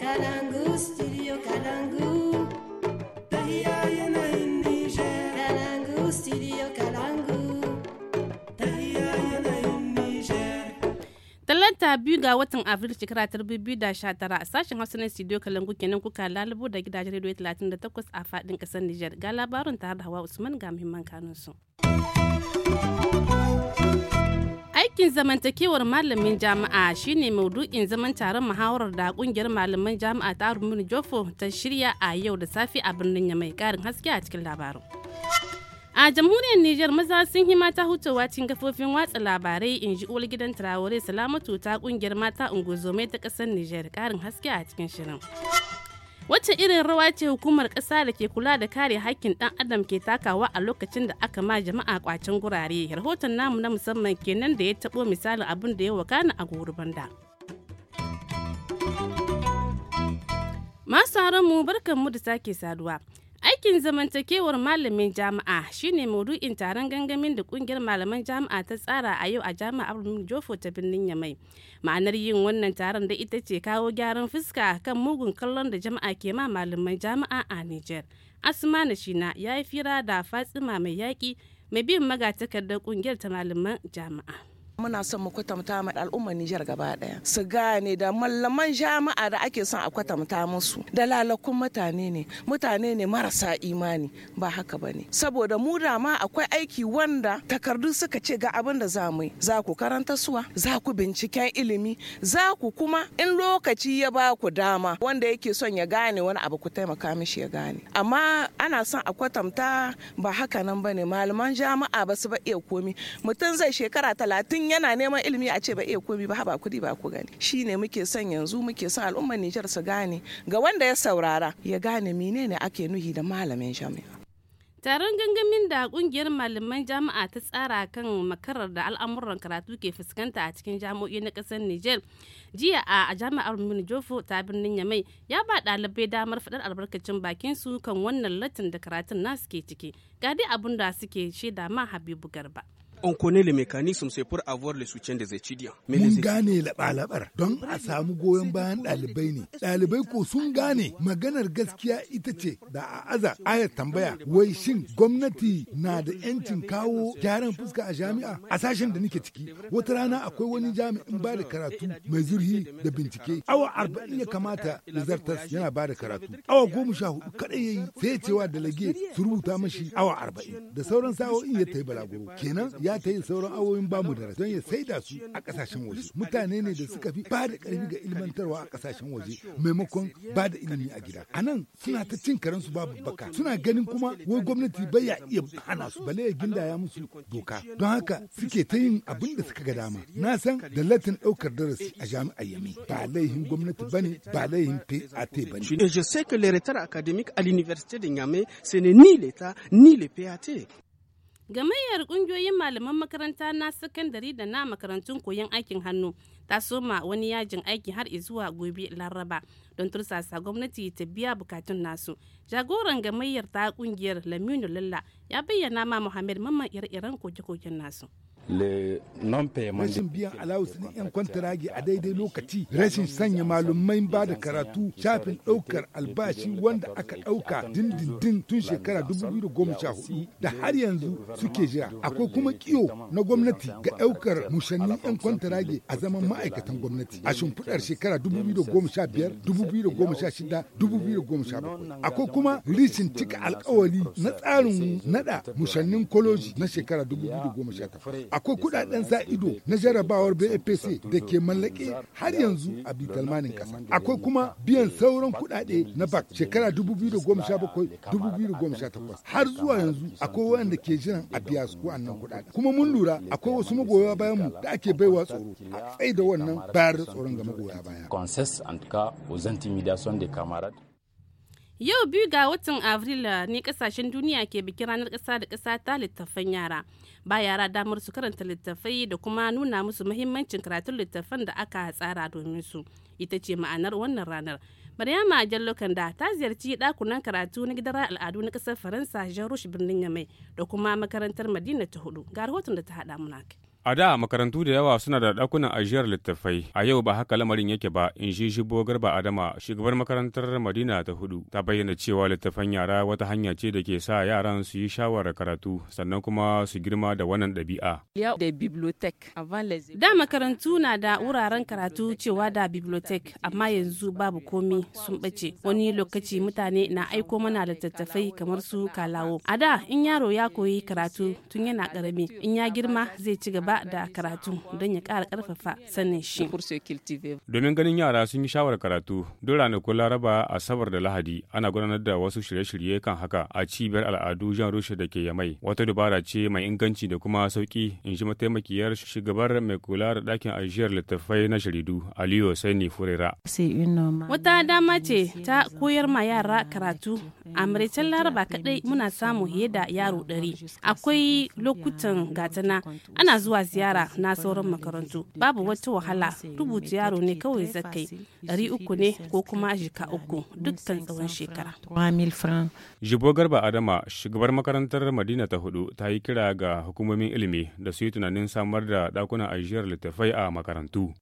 Kalangu, studio Kalangu. yanayin Kalangu, studio Kalangu. yanayin biyu ga watan Afrilu shekara ta biyu da sha tara a sashen Hausa na studio Kalangu kenan kuka lalubo da gidajen rediyo talatin da takwas a fadin kasar Niger. Ga labarin tare da Hawa Usman ga muhimman kanunsu. su. Hakkin zamantakewar malamin jami'a shine maudu'in zaman taron muhawarar da kungiyar malaman jami'a ta Arumin Jofo ta shirya a yau da safe a birnin Yamai karin haske a cikin labarin. A jamhuriyar Nijar maza sun yi mata hutawa cikin kafofin watsa labarai in ji uwar gidan Traore Salamatu ta kungiyar mata unguzomai ta kasar Nijar karin haske a cikin shirin. Wacce irin rawa ce hukumar ƙasa da ke kula da kare hakkin ɗan adam ke takawa a lokacin da aka ma jama'a kwacin gurare. Rahoton namu na musamman kenan da ya taɓo misalin abin da ya wakana a Gorubanda. Masu mu barkanmu da sake saduwa. Aikin zamantakewar malamin jami'a shine maudu'in taron gangamin da kungiyar malaman jami'a ta tsara a yau a jami'ar Jofo ta birnin Yamai. Ma'anar yin wannan taron da ita ce kawo gyaran fuska kan mugun kallon da jama'a ke ma malaman jami'a a Nijar. Asma na Shina ya yi fira da Fatsima mai yaƙi mai bin magatakardar kungiyar ta malaman jami'a. muna son mu kwatanta ma al'ummar Nijar gaba daya su gane da mallaman jama'a da ake son a kwatanta musu da lalakun mutane ne mutane ne marasa imani ba haka bane saboda mu da ma akwai aiki wanda takardu suka ce ga abin da za mu yi za ku karanta suwa za ku binciken ilimi za ku kuma in lokaci ya ba ku dama wanda yake son ya gane wani abu ku taimaka mishi ya gane amma ana son a kwatanta ba haka nan bane malaman jama'a ba su ba iya komi mutum zai shekara talatin yana neman ilimi a ce ba iya komi ba ba kudi ba ku gani shine muke son yanzu muke son al'ummar Nijar su gane ga wanda ya saurara ya gane menene ake nuhi da malamin jami'a taron gangamin da kungiyar malaman jami'a ta tsara kan makarar da al'amuran karatu ke fuskanta a cikin jami'o'i na kasar niger jiya a jami'ar munijofo ta birnin yamai ya ba ɗalibai damar faɗar albarkacin bakin su kan wannan latin da karatun nasu ke ciki ga dai abin da suke shaida ma habibu garba on connaît les mécanismes c'est pour avoir le soutien des étudiants mais mun gane laɓa-laɓar don a samu goyon bayan ɗalibai ne ɗalibai ko sun gane maganar gaskiya ita ce da a aza aya tambaya wai shin gwamnati na da yancin kawo gyaran fuska a jami'a a sashen da nake ciki wata rana akwai wani jami'in ba da karatu mai zurhi da bincike awa arba'in ya kamata da zartas yana ba da karatu awa goma sha hudu kaɗai ya yi sai cewa da lage su rubuta mashi awa arba'in da sauran sa'o'in ya yi balaguro kenan ya ya ta yin sauran awoyin bamu da don ya da su a kasashen waje mutane ne da suka fi bada karfi ga ilmantarwa a kasashen waje maimakon ba da ilimi a gida a nan suna ta cin karen su babu baka suna ganin kuma wai gwamnati bai ya iya hana su bale ya gindaya musu doka don haka suke ta yin abin da suka ga dama na san da latin daukar darasi a jami'ar yami ba laihin gwamnati bane ba laihin pat bane je sais que les retards académiques à l'université de Niamey ce n'est ni l'état ni le PAT Gamayyar kungiyoyin malaman makaranta na sakandare da na makarantun koyon aikin hannu ta soma wani yajin aiki har zuwa gobe Laraba don tursasa gwamnati ta biya bukatun nasu. Jagoran gamayyar ta kungiyar Laminu Lalla ya bayyana ma Muhammad Mamman ire-iren koke-koken nasu. Rashin biyan alawus na 'yan kwantaragi a daidai lokaci, rashin sanya malumai ba da karatu, shafin ɗaukar albashi wanda aka ɗauka dindindin tun shekara 2014 da har yanzu suke jira. Akwai kuma kiyo na gwamnati ga ɗaukar mushannin 'yan kwantaragi a zaman ma'aikatan gwamnati a shimfiɗar shekara 2015, 2016, 2017. Akwai kuma rishin cika alkawali na tsarin nada mushannin koloji na shekara 2018. akwai kudaden sa ido na jarabawar BFC da ke mallake har yanzu a bitalmanin kasa. Akwai kuma biyan sauran kudade na bak shekara 2017-2018 har zuwa yanzu akwai waɗanda ke jiran a biya su wannan kudade Kuma mun lura akwai wasu magoya bayan mu da ake baiwa tsoro a da wannan bayar da tsoron ga magoya baya. aux Yau biyu ga watan Afrila eh, ne kasashen duniya ke bikin ranar ƙasa da ƙasa ta littattafan yara. Ba yara damar su karanta littattafai da kuma nuna musu mahimmancin karatun littattafan da aka tsara domin su. Ita ce ma'anar wannan ranar. Maryama Jallo Kanda ta ziyarci ɗakunan karatu na gidan al'adu na kasar Faransa Jean Rouge birnin Yamai da kuma makarantar Madina ta hudu. Ga rahoton da ta haɗa na kai. A da makarantu da yawa suna da dakunan ajiyar littafai. a yau ba haka lamarin yake ba, in shi garba Adama, shugabar makarantar Madina ta hudu, ta bayyana cewa littattafan yara wata hanya ce da ke sa yaran su yi shawarar karatu, sannan kuma su girma da wannan ɗabi'a. Da makarantu na da wuraren karatu cewa da bibliotek, amma yanzu babu komi sun ɓace. Wani lokaci mutane na aiko mana littattafai kamar su kalawo. A da in yaro ya koyi karatu tun yana ƙarami, in ya girma zai ci gaba gaba da karatu don ya kara ƙarfafa sanin shi. Domin ganin yara sun yi shawar karatu, don ranakun Laraba, Asabar da Lahadi ana gudanar da wasu shirye-shirye kan haka a cibiyar al'adu Jan Rushe da ke Yamai. Wata dubara ce mai inganci da kuma sauƙi in ji mataimakiyar shugabar mai kula da ɗakin ajiyar littattafai na shiridu Aliyu Sani Furera. Wata dama ce ta koyar ma yara karatu a maraicen laraba kadai muna samu fiye da yaro ɗari akwai lokutan gatana ana zuwa ziyara na sauran makarantu babu wata wahala rubuta yaro ne kawai zakai ɗari uku ne ko kuma jika uku dukkan tsawon shekara jibo garba adama shugabar makarantar madina ta hudu ta yi kira ga hukumomin ilimi da su yi tunanin samar da dakunan ajiyar littattafai a makarantu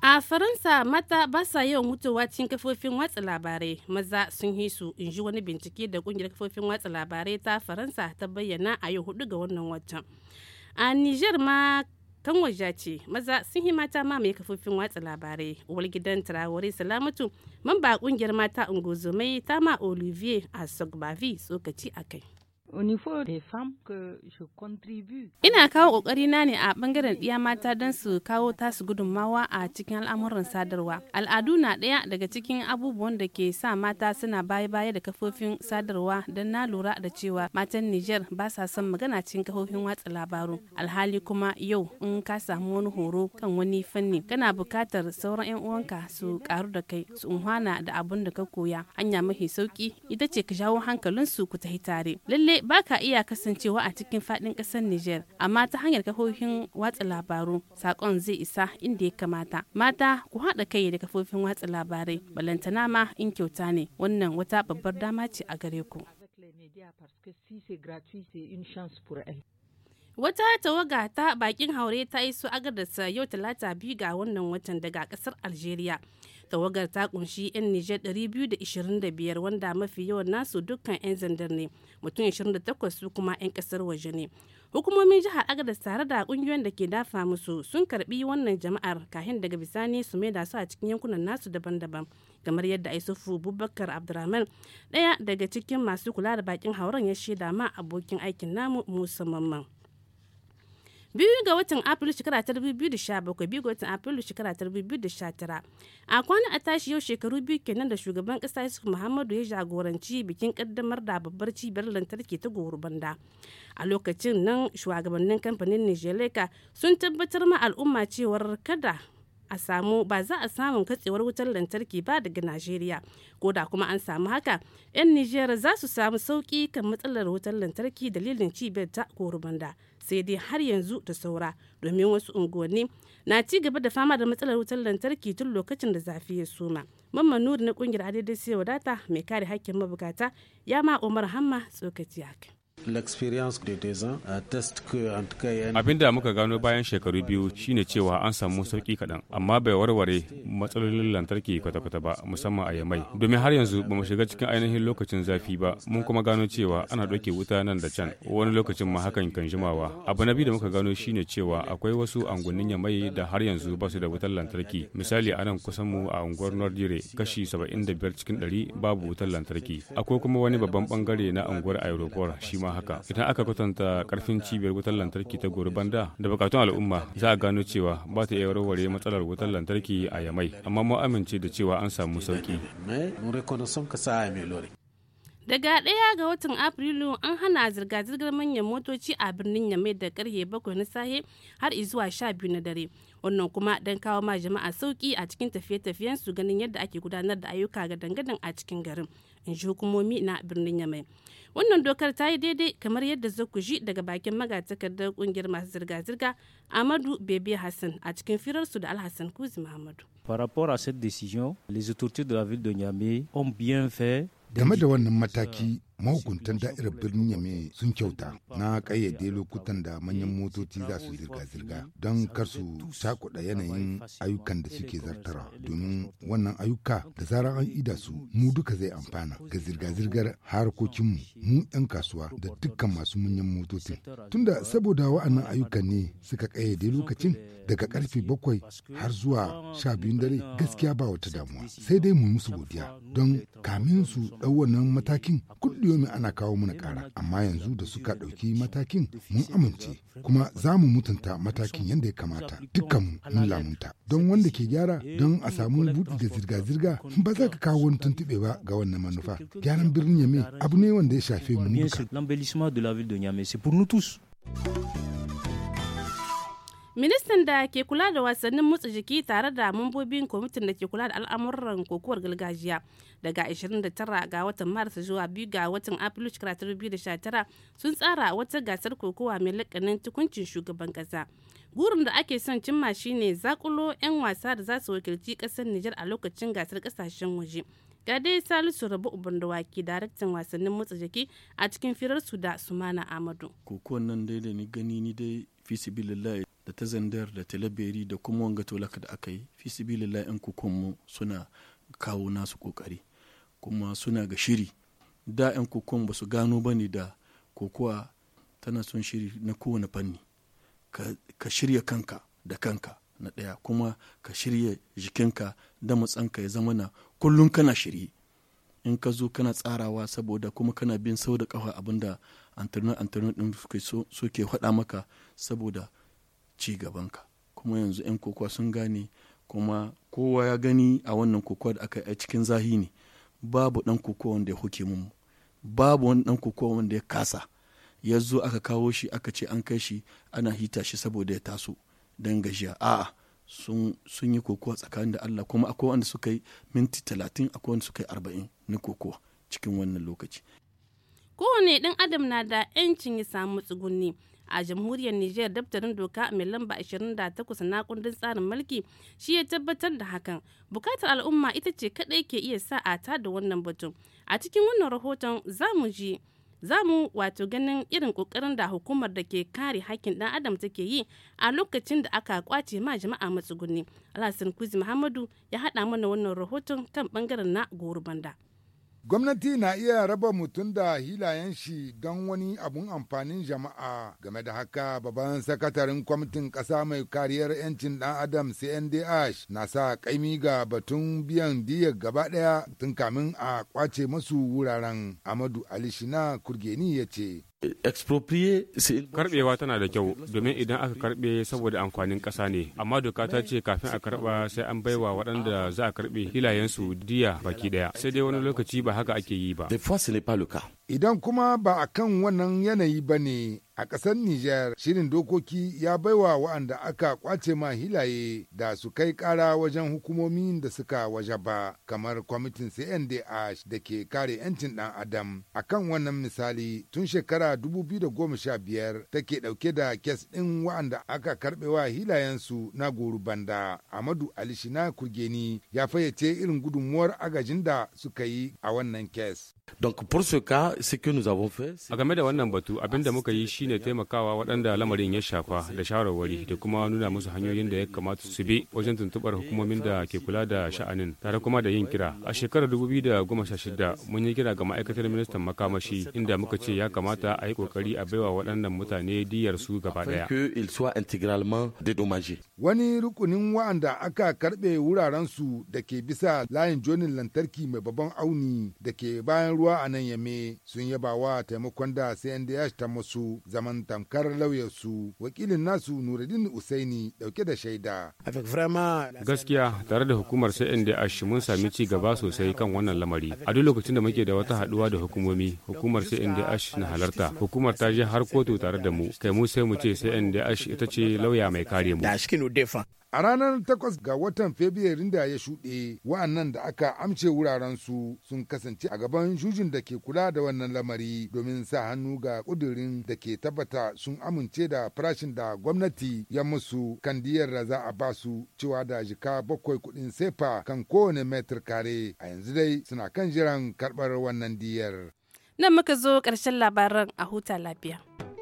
A Faransa mata ba sa yawan mutuwa cikin kafofin watsa labarai maza sun yi su in ji wani bincike da kungiyar kafofin watsa labarai ta Faransa ta bayyana a yau hudu ga wannan watan. A Nijar ma kan ce maza sun yi mata mamaye kafofin watsa labarai uwar gidan Traore Salamatu mamba kungiyar mata ungozomai ta ma Olivier Asogbavi tsokaci a kai. Ina kawo na ne a ɓangaren ɗiya mata don su kawo tasu gudunmawa a cikin al'amuran sadarwa. Al'adu na ɗaya daga cikin abubuwan da ke sa mata suna baya-baya da kafofin sadarwa don na lura da cewa matan Nijar ba sa son magana cikin kafofin watsa labaru. Alhali kuma yau in ka samu wani horo kan wani fanni kana buƙatar sauran 'yan uwanka su ƙaru da kai su unhwana da abun da ka koya. Hanya mafi sauƙi ita ce ka jawo hankalinsu ku tafi tare. lallai. kai baka iya kasancewa a cikin fadin kasar Nijar amma ta hanyar kafofin watsa labaru sakon zai isa inda ya kamata mata ku haɗa kai da kafofin watsa labarai balantana ma in kyauta ne wannan wata babbar dama ce a gare ku Wata tawaga ta bakin haure ta iso agadarsa yau talata biyu ga wannan watan daga kasar Algeria. Tawagar ta kunshi 'yan Nijar 225 wanda mafi yawan nasu dukkan 'yan zandar ne, mutum 28 su kuma 'yan kasar waje ne. Hukumomin jihar Agada tare da kungiyoyin da ke dafa musu sun karbi wannan jama'ar kahin daga bisani su mai da su a cikin yankunan nasu daban-daban. kamar yadda Isufu Bubakar Abdulrahman ɗaya daga cikin masu kula da bakin hauren ya shaida ma abokin aikin namu Musa Mamman. biyu ga watan afrilu shekara ta 2017 biyu ga watan afrilu shekara ta 2019 a kwana a tashi yau shekaru biyu kenan da shugaban kasa yusuf muhammadu ya jagoranci bikin kaddamar da babbar cibiyar lantarki ta gorobanda a lokacin nan shugabannin kamfanin nijeleka sun tabbatar ma al'umma cewar kada a samu ba za a samun katsewar wutar lantarki ba daga najeriya ko da kuma an samu haka 'yan nijar za su samu sauki kan matsalar wutar lantarki dalilin cibiyar ta korubanda sai dai har yanzu da saura domin wasu unguwanni na ci gaba da fama da matsalar wutar lantarki tun lokacin da zafi ya suma mamman nuri na kungiyar adadin ya wadata mai kare hakkin mabukata ya ma umar hamma tsokaci haka Euh, Abin da muka gano bayan shekaru biyu shine cewa an samu sauki kaɗan, amma bai warware matsalolin lantarki kwata-kwata ba, musamman a Yamai. Domin har yanzu ba mu shiga cikin ainihin lokacin zafi ba, mun kuma gano cewa ana ɗauke wuta nan da can, wani lokacin ma hakan kan jimawa. Abu na biyu da muka gano shine cewa akwai wasu angunin Yamai da har yanzu ba su da wutar lantarki. Misali a nan kusan mu a unguwar Nordire kashi biyar cikin 100 babu wutar lantarki. Akwai kuma wani babban bangare na unguwar Aerokor shi ma haka idan aka kwatanta karfin cibiyar wutar lantarki ta gurbanda banda da bukatun al'umma za a gano cewa ba ta iya warware matsalar wutar lantarki a yamai amma mu amince da cewa an samu sauki daga ɗaya ga watan afrilu an hana zirga-zirgar manyan motoci a birnin yamai da karye bakwai na sahe har izuwa sha biyu na dare wannan kuma don kawo ma jama'a sauki a cikin tafiye-tafiyen su ganin yadda ake gudanar da ayyuka ga dangadan a cikin garin in ji hukumomi na birnin yamai wannan dokar ta yi daidai kamar yadda za ku ji daga bakin magatakardar kungiyar masu zirga-zirga amadu bebe hassan a cikin firarsu da alhassan kuzi muhammadu par rapport à cette décision les autorités de la ville de niamey ont bien game da wannan mataki mahukuntan da'irar birnin yame sun kyauta na kayyade lokutan da manyan motoci za su zirga-zirga don kar su cakuɗa yanayin ayyukan da suke zartara domin wannan ayyuka da zarar an ida su mu duka zai amfana ga zirga-zirgar harkokinmu mu 'yan kasuwa da dukkan masu manyan motoci. tunda saboda wa'annan ayyukan ne suka kayyade lokacin daga karfe bakwai har zuwa sha biyun dare gaskiya ba wata damuwa sai dai mu musu godiya don kamin su ɗau wannan matakin kuɗi kullum ana kawo mana ƙara amma yanzu da suka ɗauki matakin mun amince kuma za mu mutunta matakin yadda ya kamata dukkanmu mun lamunta don wanda ke gyara don a samu buɗi da zirga-zirga ba za ka kawo wani tuntuɓe ba ga wannan manufa gyaran birnin yame abu ne wanda ya shafe mu duka. ministan da ke kula da wasannin motsa jiki tare da mambobin kwamitin da ke kula da al'amuran kokowar gargajiya daga 29 ga watan maris zuwa 2 ga watan afrilu 2019 sun tsara wata gasar kokowa mai lakanin tukuncin shugaban kasa gurin da ake son cimma shine zakulo 'yan wasa da za su wakilci kasar nijar a lokacin gasar kasashen waje ga dai salisu rabu ubandawaki daraktan wasannin motsa jiki a cikin firarsu da sumana amadu kokowar nan dai da ni gani ni dai fi sibilillahi da ta zandar da talaberi da kuma wanga tolaka da aka yi fi sibilillahi in kukunmu suna kawo nasu kokari kuma suna ga shiri da yan kukun ba su gano ba ne da kokowa tana son shiri na kowane fanni ka shirya kanka da kanka na ɗaya kuma ka shirya jikinka da matsanka ya zama na kullum kana shirye in ka zo kana tsarawa saboda kuma kana bin sau da abin abinda antarnar ɗin din suke faɗa maka saboda ci gaban ka kuma yanzu 'yan kokowa sun gane kuma kowa ya gani a wannan kokowa da aka yi cikin zahi ne babu ɗan kokowa wanda ya huke mun babu wani ɗan kokowa wanda ya kasa ya zo aka kawo shi aka ce an kai shi ana hita shi saboda ya taso don gajiya a'a sun yi kokowa tsakanin da Allah kuma akwai wanda suka yi minti talatin akwai wanda suka yi arba'in na kokowa cikin wannan lokaci kowane ɗan adam na da 'yancin ya samu tsugunni a jamhuriyar niger daftarin doka mai lamba 28 na kundin tsarin mulki shi ya tabbatar da hakan bukatar al'umma ita ce kadai ke iya sa a ta da wannan batun a cikin wannan rahoton za ji zamu wato ganin irin kokarin da hukumar da ke kare hakkin dan adam take yi a lokacin da aka kwace ma jama'a matsuguni alhassan kuzi muhammadu ya haɗa mana wannan rahoton kan bangaren na goro banda Gwamnati na iya raba mutum da hilayen shi don wani abun amfanin jama'a game da haka babban sakataren kwamitin ƙasa mai kariyar 'yancin ɗan adam CNDH na sa kaimi ga batun biyan diyar gaba ɗaya tun kamin a kwace masu wuraren Amadu Alishina Kurgeni ya ce. karbewa tana da kyau domin idan aka karbe saboda amfanin ƙasa ne amma doka ta ce kafin a karba sai an baiwa waɗanda za a karbe hilayensu diya baki daya sai dai wani lokaci ba haka ake yi ba idan kuma ba a kan wannan yanayi ba ne A ƙasar Nijar, shirin dokoki ya baiwa wa'anda aka kwace ma hilaye da su kai ƙara wajen hukumomin da suka waje ba kamar kwamitin CNDH da ke kare 'yancin ɗan Adam. A kan wannan misali, tun shekara 2015 take ɗauke da kes ɗin wa'anda aka karɓe karɓewa hilayensu na goru banda. Amadu Alishina Kurgeni ya fayyace irin gudunmuwar agajin da suka yi a wannan kes. Donc pour ce cas, ce que nous avons fait. A game da wannan batu abin da muka yi shine taimakawa waɗanda lamarin ya shafa da shawarwari da kuma nuna musu hanyoyin da ya kamata su bi wajen tuntubar hukumomin da ke kula da sha'anin tare kuma da yin kira. A shekarar shida mun yi kira ga ma'aikatar ministan makamashi inda muka ce ya kamata a yi kokari a baiwa waɗannan mutane diyar su gaba daya. Wani rukunin wa'anda aka karɓe wuraren su da ke bisa layin jonin lantarki mai babban auni da ke bayan ruwa a nan yame sun yaba wa taimakon da CNDH ta musu zaman tamkar lauyarsu wakilin nasu Nuruddin Usaini dauke da shaida. Gaskiya tare da hukumar CNDH mun sami ci gaba sosai kan wannan lamari. A duk lokacin da muke da wata haduwa da hukumomi, hukumar CNDH na halarta. Hukumar ta je har kotu tare da mu, kai mu sai mu ce CNDH ita ce lauya mai kare mu. A ranar takwas ga watan Fabrairun da ya shuɗe, wa'annan da aka amce wurarensu sun kasance a gaban jujin da ke kula da wannan lamari domin sa hannu ga ƙudurin da ke tabbata sun amince da farashin da gwamnati ya musu kan diyar da za a ba su cewa da jika bakwai kuɗin sefa kan kowane metir kare. A yanzu dai suna kan jiran karɓar wannan diyar. Nan muka zo ƙarshen labaran a huta lafiya.